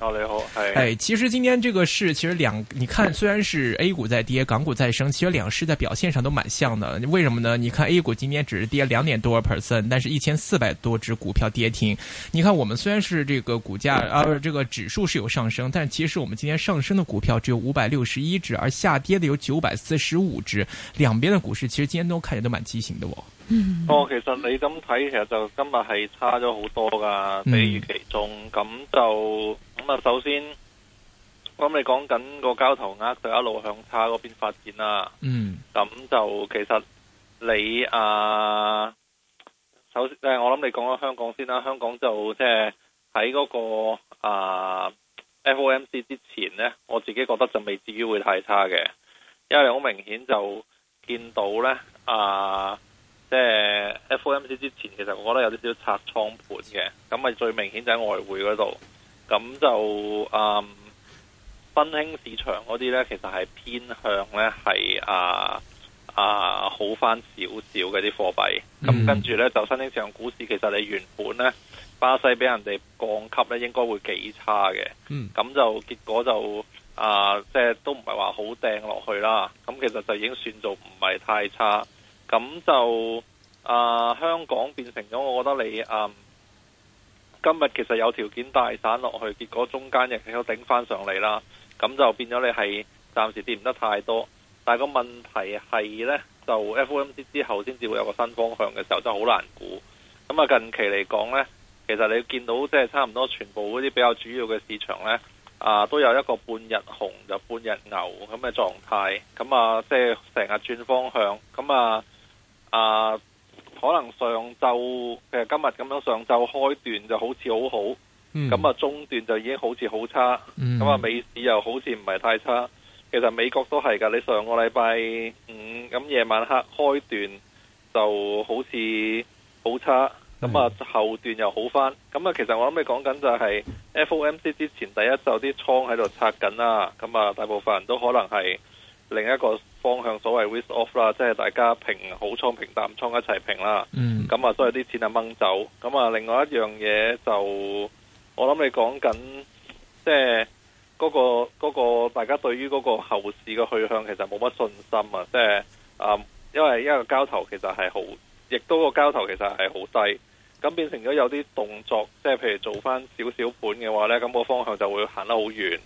哦、你好、哎，其實今天這個市，其實兩，你看，雖然是 A 股在跌，港股在升，其實兩市在表現上都蠻像的。為什麼呢？你看 A 股今天只是跌兩點多 percent，但是一千四百多隻股票跌停。你看我們雖然是這個股價，啊，不是這個指數是有上升，但其實我們今天上升的股票只有五百六十一隻，而下跌的有九百四十五隻。兩邊的股市其實今天都看起來都蠻畸形的、哦，嗯哦，其實你咁睇，其實就今日係差咗好多㗎，比預期重。咁就。咁、嗯、啊，首先，我諗你講緊個交投額就一路向差嗰邊發展啦。嗯，咁就其實你啊，首先誒，我諗你講緊香港先啦。香港就即係喺嗰個啊 FOMC 之前呢，我自己覺得就未至於會太差嘅，因為好明顯就見到呢啊，即係 FOMC 之前，其實我覺得有啲少拆倉盤嘅，咁啊最明顯就喺外匯嗰度。咁就啊、嗯，新興市場嗰啲呢，其實係偏向呢，係啊啊好翻少少嘅啲貨幣，咁、嗯、跟住呢，就新興市場股市，其實你原本呢巴西俾人哋降級呢，應該會幾差嘅，咁、嗯、就結果就啊即係都唔係話好掟落去啦，咁其實就已經算做唔係太差，咁就啊香港變成咗，我覺得你啊。嗯今日其實有條件大散落去，結果中間亦都頂翻上嚟啦，咁就變咗你係暫時跌唔得太多。但個問題係呢，就 FOMC 之後先至會有個新方向嘅時候，真係好難估。咁啊，近期嚟講呢，其實你見到即係差唔多全部嗰啲比較主要嘅市場呢，啊，都有一個半日紅就半日牛咁嘅狀態，咁啊，即係成日轉方向，咁啊，啊。可能上晝其實今日咁樣，上晝開段就好似好好，咁啊、嗯、中段就已經好似好差，咁啊、嗯、尾市又好似唔係太差。其實美國都係噶，你上個禮拜五咁夜晚黑開段就好似好差，咁啊後段又好翻。咁啊、嗯、其實我諗你講緊就係 FOMC 之前第一周啲倉喺度拆緊啦，咁啊大部分人都可能係另一個。方向所謂 risk off 啦，即係大家平好倉平淡倉一齊平啦。咁啊、嗯，所以啲錢啊掹走。咁啊，另外一樣嘢就我諗你講緊，即係嗰、嗰個、嗰個、大家對於嗰個後市嘅去向其實冇乜信心啊。即係啊、嗯，因為一個交投其實係好，亦都個交投其實係好低。咁變成咗有啲動作，即係譬如做翻少少盤嘅話呢，咁、個方向就會行得好遠。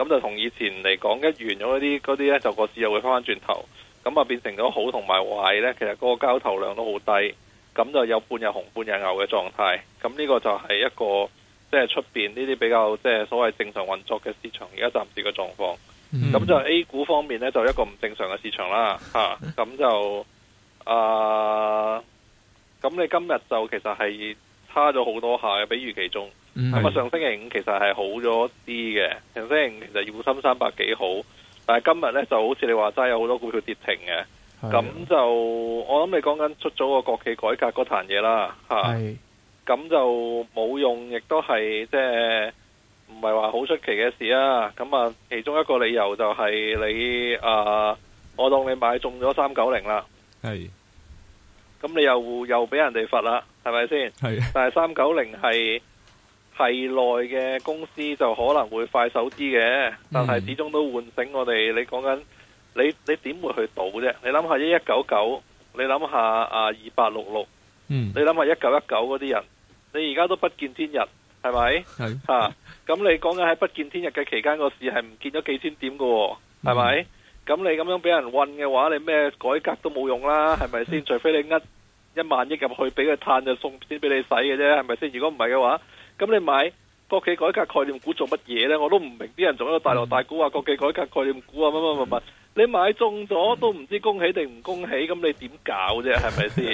咁就同以前嚟講，一完咗嗰啲嗰啲呢就個市又會返返轉頭，咁啊變成咗好同埋壞呢其實嗰個交投量都好低，咁就有半日紅半日牛嘅狀態，咁呢個就係一個即係出面呢啲比較即係、即係、所謂正常運作嘅市場而家暫時嘅狀況，咁、嗯、就 A 股方面呢，就一個唔正常嘅市場啦吓，咁就啊，咁、啊、你今日就其實係差咗好多下嘅，比預期中。咁啊、嗯，上星期五其實係好咗啲嘅，上星期五其實滬深三百幾好，但係今日呢就好似你話齋，有好多股票跌停嘅，咁是就我諗你講緊出咗個國企改革嗰壇嘢啦，吓、啊，咁是就冇用，亦都係即係唔係話好出奇嘅事啦。咁啊，其中一個理由就係你啊、呃，我當你買中咗三九零啦，係是，咁你又又俾人哋罰啦，係咪先？係是，但係三九零係。係內嘅公司就可能會快手啲嘅，但係始終都喚醒我哋。你講緊你你點會去賭啫？你諗下一一九九，你諗下啊二八六六，66，嗯，你諗下一九一九嗰啲人，你而家都不見天日，係咪？係嚇是，咁你講緊喺不見天日嘅期間，個市係唔見咗幾千點㗎喎，係咪？咁、嗯、你咁樣俾人運嘅話，你咩改革都冇用啦，係咪先？嗯、除非你呃一,一萬億入去給他，俾個碳就送啲俾你使嘅啫，係咪先？如果唔係嘅話，咁你買國企改革概念股做乜嘢呢？我都唔明，啲人做一個大牛大股啊，國企改革概念股啊，乜乜乜乜，你買中咗都唔知恭喜定唔恭喜，咁你點搞啫？係咪先？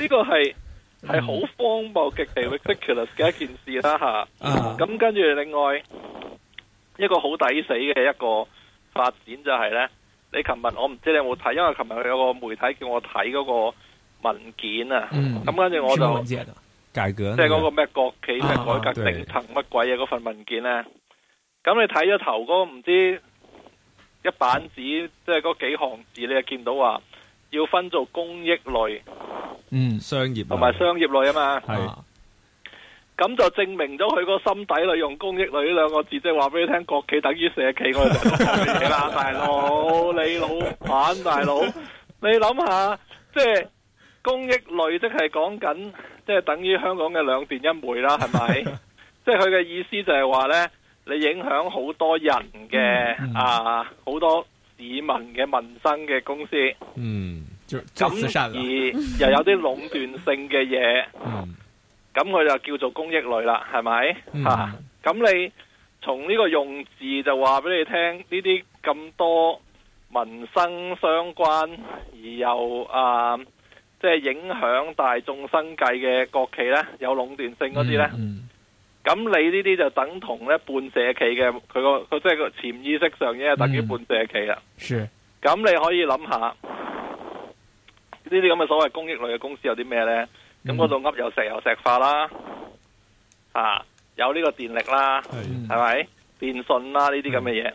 呢個係係好荒謬極地嘅 ridiculous 一件事啦、啊、吓。咁、uh huh. 跟住另外一個好抵死嘅一個發展就係呢：你琴日我唔知你有冇睇，因為琴日佢有個媒體叫我睇嗰個文件啊。咁、mm hmm. 跟住我就。即係嗰個咩國企嘅，啊啊、改革頂層乜鬼嘢，啊、嗰對份文件咧，咁你睇咗頭嗰唔知一板紙，即係嗰幾行字，你就見到話要分做公益類，嗯，商業同埋商業類啊嘛，係，啊，咁就證明咗佢個心底裏用公益類呢兩個字，即係話俾你聽，國企等於社企，我哋唔好講呢啲嘢啦。 大佬，你老闆 大佬，你諗下，即係公益類即係講緊，即係等於香港嘅兩電一煤啦，係咪？即係佢嘅意思就係話呢，你影響好多人嘅、嗯、啊，好多市民嘅民生嘅公司。嗯，就而又有啲壟斷性嘅嘢。嗯。咁佢、嗯、就叫做公益類啦，係咪？吓、嗯，咁、啊、你從呢個用字就話俾你聽，呢啲咁多民生相關而又啊。即係影響大眾生計嘅國企呢，有壟斷性嗰啲呢。咁、嗯嗯、你呢啲就等同咧半社企嘅，佢個佢即係個潛意識上已經係等於半社企啦、嗯。是，咁你可以諗下呢啲咁嘅所謂公益類嘅公司有啲咩呢？咁嗰度噏有石油、石化啦，啊，有呢個電力啦，係咪、嗯？電信啦，呢啲咁嘅嘢。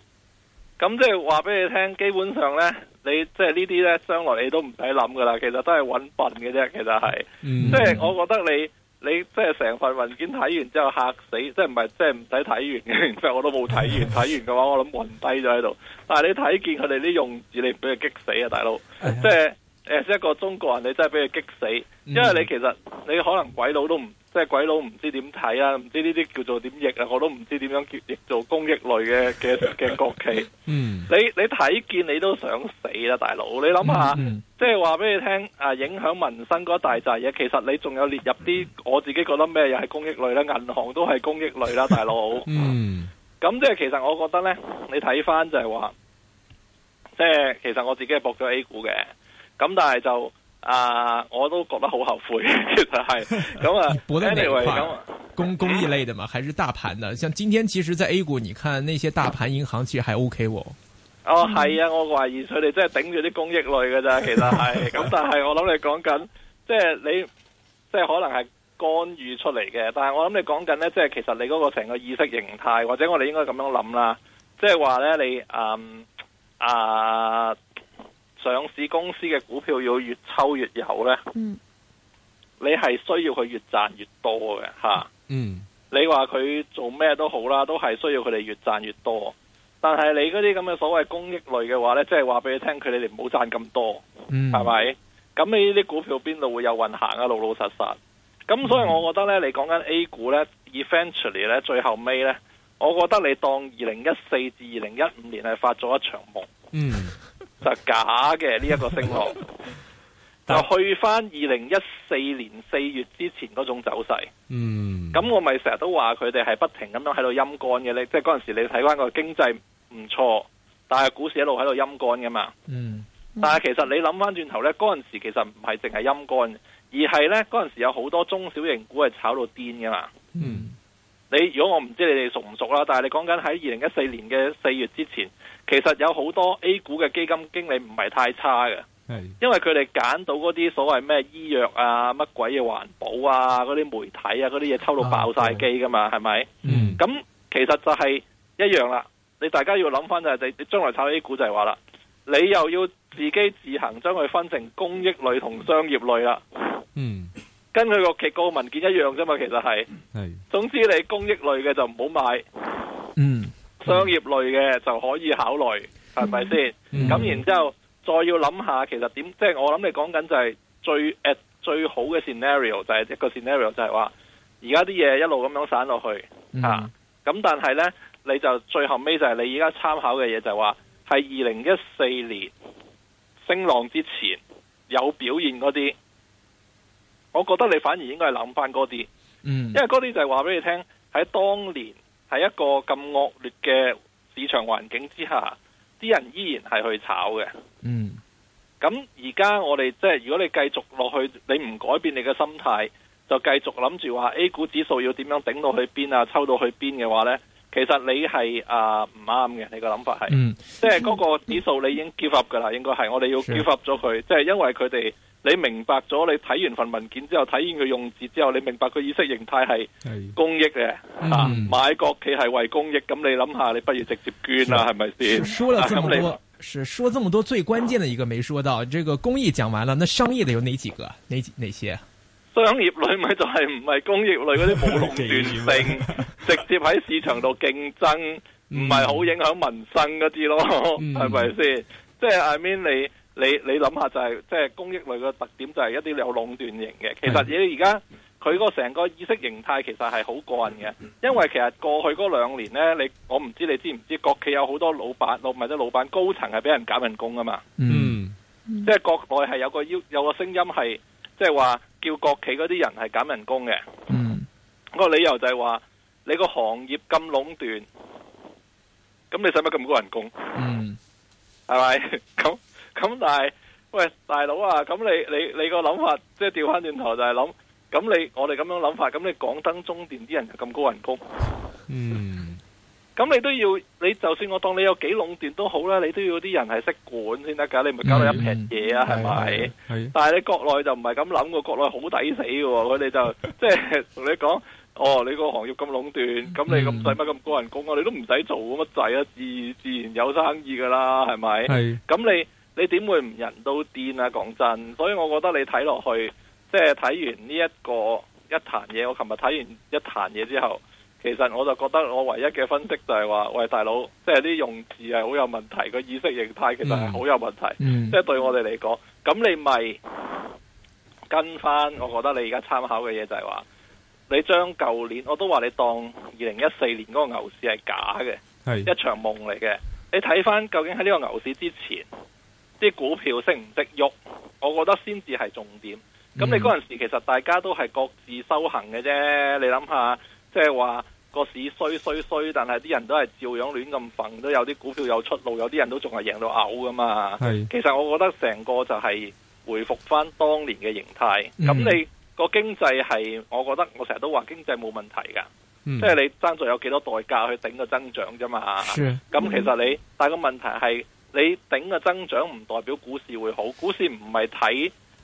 咁、嗯、即係話俾你聽，基本上呢。你即係、就是、呢啲咧，將來你都唔使諗噶啦，其實都係揾笨嘅啫，其實係，即係、嗯、我覺得你你即係成份文件睇完之後嚇死，即係唔係即係唔使睇完，即係、嗯、我都冇睇完，睇完嘅話我諗暈低咗喺度。但係你睇見佢哋啲用字，你唔俾佢激死啊，大佬！即係誒，一個中國人你真係俾佢激死，因為你其實你可能鬼佬都唔。即係鬼佬唔知點睇呀，唔知呢啲叫做點譯啊，我都唔知點樣叫譯做公益類嘅嘅嘅國企。 嗯，你你睇見你都想死啦，大佬。你諗下，嗯嗯、即係話俾你聽，啊影響民生嗰大紮嘢，其實你仲有列入啲我自己覺得咩嘢係公益類啦，銀行都係公益類啦，大佬。 嗯，咁、啊、即係其實我覺得呢，你睇翻就係話，即係其實我自己係搏咗 A 股嘅，咁但係就。啊、呃！我都覺得好後悔，其實係咁啊。Anyway，咁公公益類的嘛，還是大盤的？像今天，其實，在 A 股，你看那些大盤銀行，其實還 OK 喎。哦，係啊，我懷疑佢哋真係頂住啲公益類嘅咋，其實係咁。 但係我諗你講緊，即係你，即係可能係干預出嚟嘅。但係我諗你講緊咧，即係其實你嗰個成個意識形態，或者我哋應該咁樣諗啦，即係話咧，你嗯啊。上市公司嘅股票要越抽越有呢，嗯、你係需要佢越賺越多嘅吓。嗯、你話佢做咩都好啦，都係需要佢哋越賺越多。但係你嗰啲咁嘅所謂公益類嘅話呢，即係話俾你聽，佢你哋唔好賺咁多，係咪、嗯？咁你呢啲股票邊度會有運行啊？老老實實。咁所以我覺得呢，你講緊 A 股呢，eventually 呢，Eventually，最後尾呢，我覺得你當二零一四至二零一五年係發咗一場夢。嗯。就是假嘅呢一個升浪， 就去翻二零一四年四月之前嗰種走勢。嗯，咁我咪成日都話佢哋係不停咁樣喺度陰乾嘅。就是、那時候你即係嗰陣時，你睇翻個經濟唔錯，但係股市一路喺度陰乾噶嘛，嗯。嗯，但係其實你諗翻轉頭呢，嗰陣時其實唔係淨係陰乾，而係呢，嗰陣時有好多中小型股係炒到癲噶嘛。嗯。你如果我唔知你哋熟唔熟啦，但係你講緊喺二零一四年嘅四月之前，其實有好多 A 股嘅基金經理唔係太差嘅，係，因為佢哋揀到嗰啲所謂咩醫藥啊、乜鬼嘢環保啊、嗰啲媒體啊、嗰啲嘢抽到爆晒機噶嘛，係咪？啊，係係，嗯，咁其實就係一樣啦。你大家要諗翻就係，你你將來炒 A 股就係話啦，你又要自己自行將佢分成公益類同商業類啦。嗯。跟佢個報告文件一樣啫嘛，其實係。係。總之你公益類嘅就唔好買。嗯。商業類嘅就可以考慮，係咪先？咁、嗯、然之後再要諗下，其實點？即、就、係、是、我諗你講緊就係最誒、呃、最好嘅 scenario 就係、是、一個 scenario 就係話，而家啲嘢一路咁樣散落去咁、嗯啊、但係呢，你就最後尾，就係你而家參考嘅嘢就係話，係二零一四年升浪之前有表現嗰啲。我覺得你反而應該係諗翻嗰啲，嗯，因為嗰啲就係話俾你聽喺當年喺一個咁惡劣嘅市場環境之下，啲人依然係去炒嘅，嗯現在。咁而家我哋即係如果你繼續落去，你唔改變你嘅心態，就繼續諗住話 A 股指數要點樣頂到去邊啊，抽到去邊嘅話呢，其實你係啊唔啱嘅，你個諗法係，嗯，即係嗰個指數你已經 collapse 噶啦，應該係我哋要 collapse 咗佢，是的。即係因為佢哋。你明白咗？你睇完份文件之後，睇完佢用字之後，你明白佢意識形態係公益嘅、嗯啊，買國企係為公益。咁你諗下，你不如直接捐啦，係咪先？是說了這麼多，啊、是說這麼多最關鍵的一個沒說到，這個公益講完了，那商業的有哪幾個？哪哪些啊？商業類咪就係唔係公益類嗰啲冇壟斷性， 直接喺市場度競爭，唔係好影響民生嗰啲咯，係咪先？即係 I mean 你。你你諗下就係即係公益類嘅特點就係一啲有壟斷型嘅，其實你而家佢個成個意識形態其實係好過癮嘅，因為其實過去嗰兩年呢，你我唔知你知唔知國企有好多老闆，老問啲老闆高層係俾人減人工㗎嘛，嗯，即係國內係有個邀有個聲音係即係話叫國企嗰啲人係減人工嘅，嗯，個理由就係話你個行業咁壟斷，咁你使乜咁高人工？嗯，係咪咁？ 咁但係，喂，大佬啊，咁你你你個諗法，即係掉翻轉頭就係諗，咁你我哋咁樣諗法，咁你港燈中電啲人又咁高人工，嗯，咁你都要，你就算我當你有幾壟斷都好啦，你都要啲人係識管先得噶，你咪搞到一撇嘢啊，係咪？係。但係你國內就唔係咁諗噶，國內好抵死噶，佢哋就即係同你講，哦，你個行業咁壟斷，咁你咁使乜咁高人工，你都唔使做咁乜滯啊，自自然有生意噶啦，係咪？係。咁你你點會唔人都癲啊？講真，所以我覺得你睇，落去，即係睇完呢一個一壇嘢。我琴日睇完一壇嘢之後，其實我就覺得我唯一嘅分析就係話：喂，大佬，即係啲用字係好有問題，個意識形態其實係好有問題。即係、嗯、對我哋嚟講，咁、嗯、你咪跟翻。我覺得你而家參考嘅嘢就係話，你將舊年我都話你當二零一四年嗰個牛市係假嘅，係是一場夢嚟嘅。你睇翻究竟喺呢個牛市之前。啲股票識唔識喐？我覺得先至係重點。咁你嗰陣時其實大家都係各自修行嘅啫。你諗下，即係話個市衰衰衰，但係啲人都係照樣亂咁瞓，都有啲股票有出路，有啲人都仲係贏到嘔噶嘛。係。其實我覺得成個就係回復翻當年嘅形態。咁你個經濟係，我覺得我成日都話經濟冇問題㗎，即係、嗯、你爭在有幾多代價去頂個增長啫嘛。咁 Sure. 其實你、mm hmm. 但係個問題係。你頂嘅增長唔代表股市會好，股市唔係睇，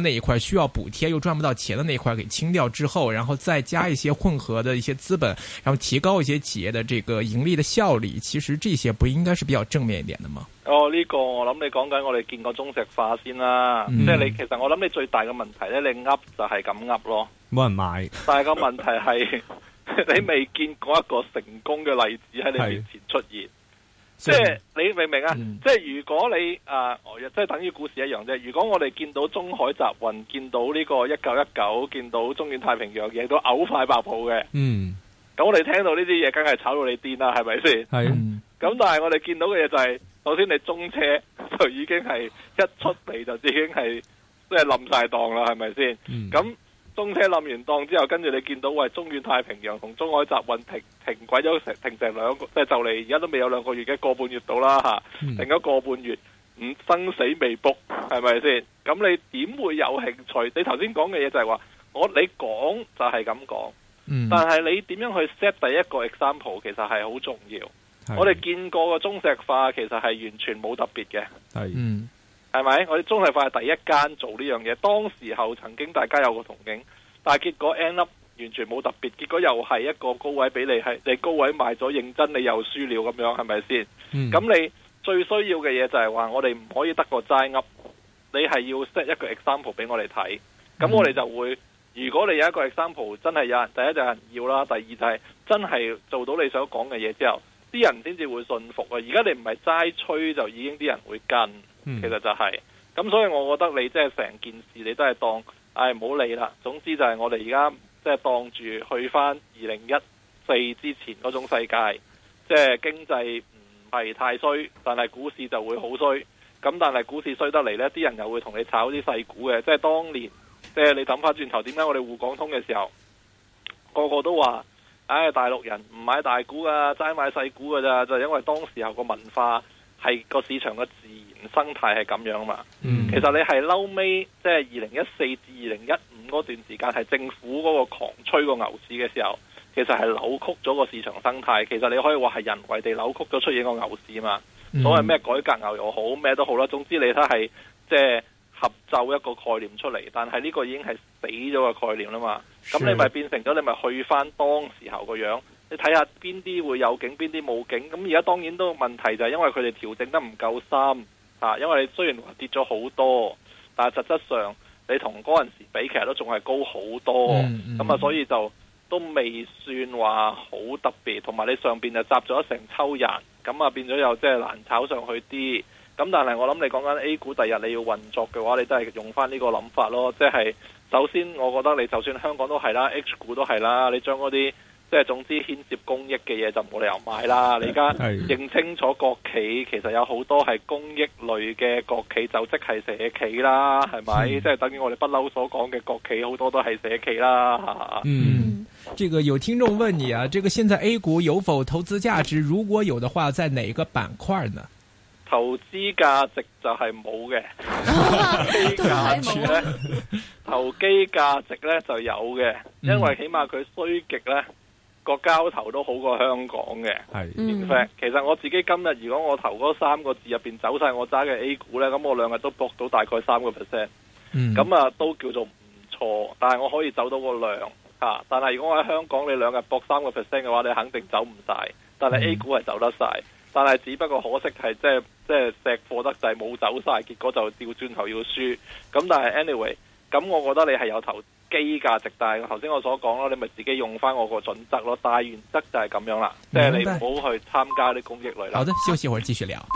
那一塊需要補貼又賺不到錢的那一塊，給清掉之後，然後再加一些混合的一些資本，然後提高一些企業的這個盈利的效率，其實這些不應該是比較正面一點的嗎？哦，呢個我諗你講緊我哋見過中石化先啦，即係你其實我諗你最大嘅問題呢，你噏就係咁噏咯，冇人買。但係個問題係 你未見過一個成功嘅例子喺你面前出現。即係你明唔明啊？嗯、即係如果你啊、呃，即係等於故事一樣啫。如果我哋見到中海集運，見到呢個一九一九、見到 ,19 19，見到中遠太平洋嘢都嘔快百倍嘅，嗯，咁我哋聽到呢啲嘢，梗係炒到你癲啦，係咪先？係，咁但係我哋見到嘅嘢就係、是，首先你中車就已經係一出嚟就已經係即係冧晒檔啦，係咪先？咁。嗯中車冧完檔之後，跟住你見到喂，中遠太平洋同中海集運停停鬼咗成停成兩個，即係就嚟而家都未有兩個月嘅個半月到啦嚇，停咗、嗯、個半月，嗯生死未卜，係咪先？咁你點會有興趣？你頭先講嘅嘢就係話我你講就係咁講，嗯、但係你點樣去 set 第一個 example 其實係好重要。是我哋見過嘅中石化其實係完全冇特別嘅，是嗯。係咪？我哋中泰化係第一間做呢樣嘢，當時候曾經大家有個憧憬，但係結果 end up 完全冇特別，結果又係一個高位俾你，係你高位賣咗，認真你又輸了咁、嗯、樣，係咪先？咁你最需要嘅嘢就係話，我哋唔可以得個齋噏你係要 set 一個 example 俾我哋睇，咁、嗯、我哋就會。如果你有一個 example 真係有人，第一就是有人要啦，第二就係真係做到你想講嘅嘢之後，啲人先至會信服啊！而家你唔係齋吹就已經啲人會跟。嗯，其實就係咁，所以我覺得你即係成件事，你都係當唉，唔好理啦。總之就係我哋而家即係當住去翻二零一四之前嗰種世界，即係經濟唔係太衰，但係股市就會好衰。咁但係股市衰得嚟呢，啲人又會同你炒啲細股嘅。即係當年，即係你諗翻轉頭，點解我哋滬港通嘅時候，個個都話唉，大陸人唔買大股啊，齋買細股噶咋？就係因為當時候個文化。係個市場嘅自然生態係咁樣嘛。嗯、其實你係嬲尾，即係二零一四至二零一五嗰段時間係政府嗰個狂吹個牛市嘅時候，其實係扭曲咗個市場生態。其實你可以話係人為地扭曲咗出現個牛市嘛。嗯、所謂咩改革牛又好，咩都好啦。總之你睇係即係合奏一個概念出嚟，但係呢個已經係死咗個概念啦嘛。咁的你咪變成咗你咪去返當時候個樣。你睇下邊啲會有景，邊啲冇景。咁而家當然都問題就係因為佢哋調整得唔夠深，吓，因為你雖然跌咗好多，但係實質上你同嗰陣時比，其實都仲係高好多。咁啊、嗯，嗯、所以就都未算話好特別。同埋你上邊就集咗成抽人，咁啊變咗又即係難炒上去啲。咁但係我諗你講緊 A 股第日你要運作嘅話，你都係用翻呢個諗法咯。即係首先，我覺得你就算香港都係啦，H 股都係啦，你將嗰啲。即係總之牽涉公益嘅嘢就冇理由買啦。你而家認清楚國企其實有好多係公益類嘅國企，就即係社企啦，係咪？嗯、即係等於我哋不嬲所講嘅國企，好多都係社企啦。哈哈嗯，這個有聽眾問你啊，這個現在 A 股有否投資價值？如果有的話，在哪個板塊呢？投資價值就係冇嘅，啊、投機價值呢，投機價值呢， 投機價值呢就有嘅，因為起碼佢衰極呢。個交投都好過香港嘅。其實我自己今日如果我投嗰三個字入邊走晒我揸嘅 A 股呢，咁我兩日都搏到大概三個 percent，咁啊都叫做唔錯。但係我可以走到個量吓，啊，但係如果我喺香港你兩日搏三個 percent 嘅話，你肯定走唔晒。但係 A 股係走得晒，嗯、但係只不過可惜係即係即係石貨得滯冇走晒，結果就掉轉頭要輸。咁但係 anyway，咁我覺得你係有投基價值大，頭先我所講咯，你咪自己用翻我個準則咯，大原則就係咁樣啦，即係明白。你唔好去參加啲公益類啦。好的，休息一會兒繼續聊。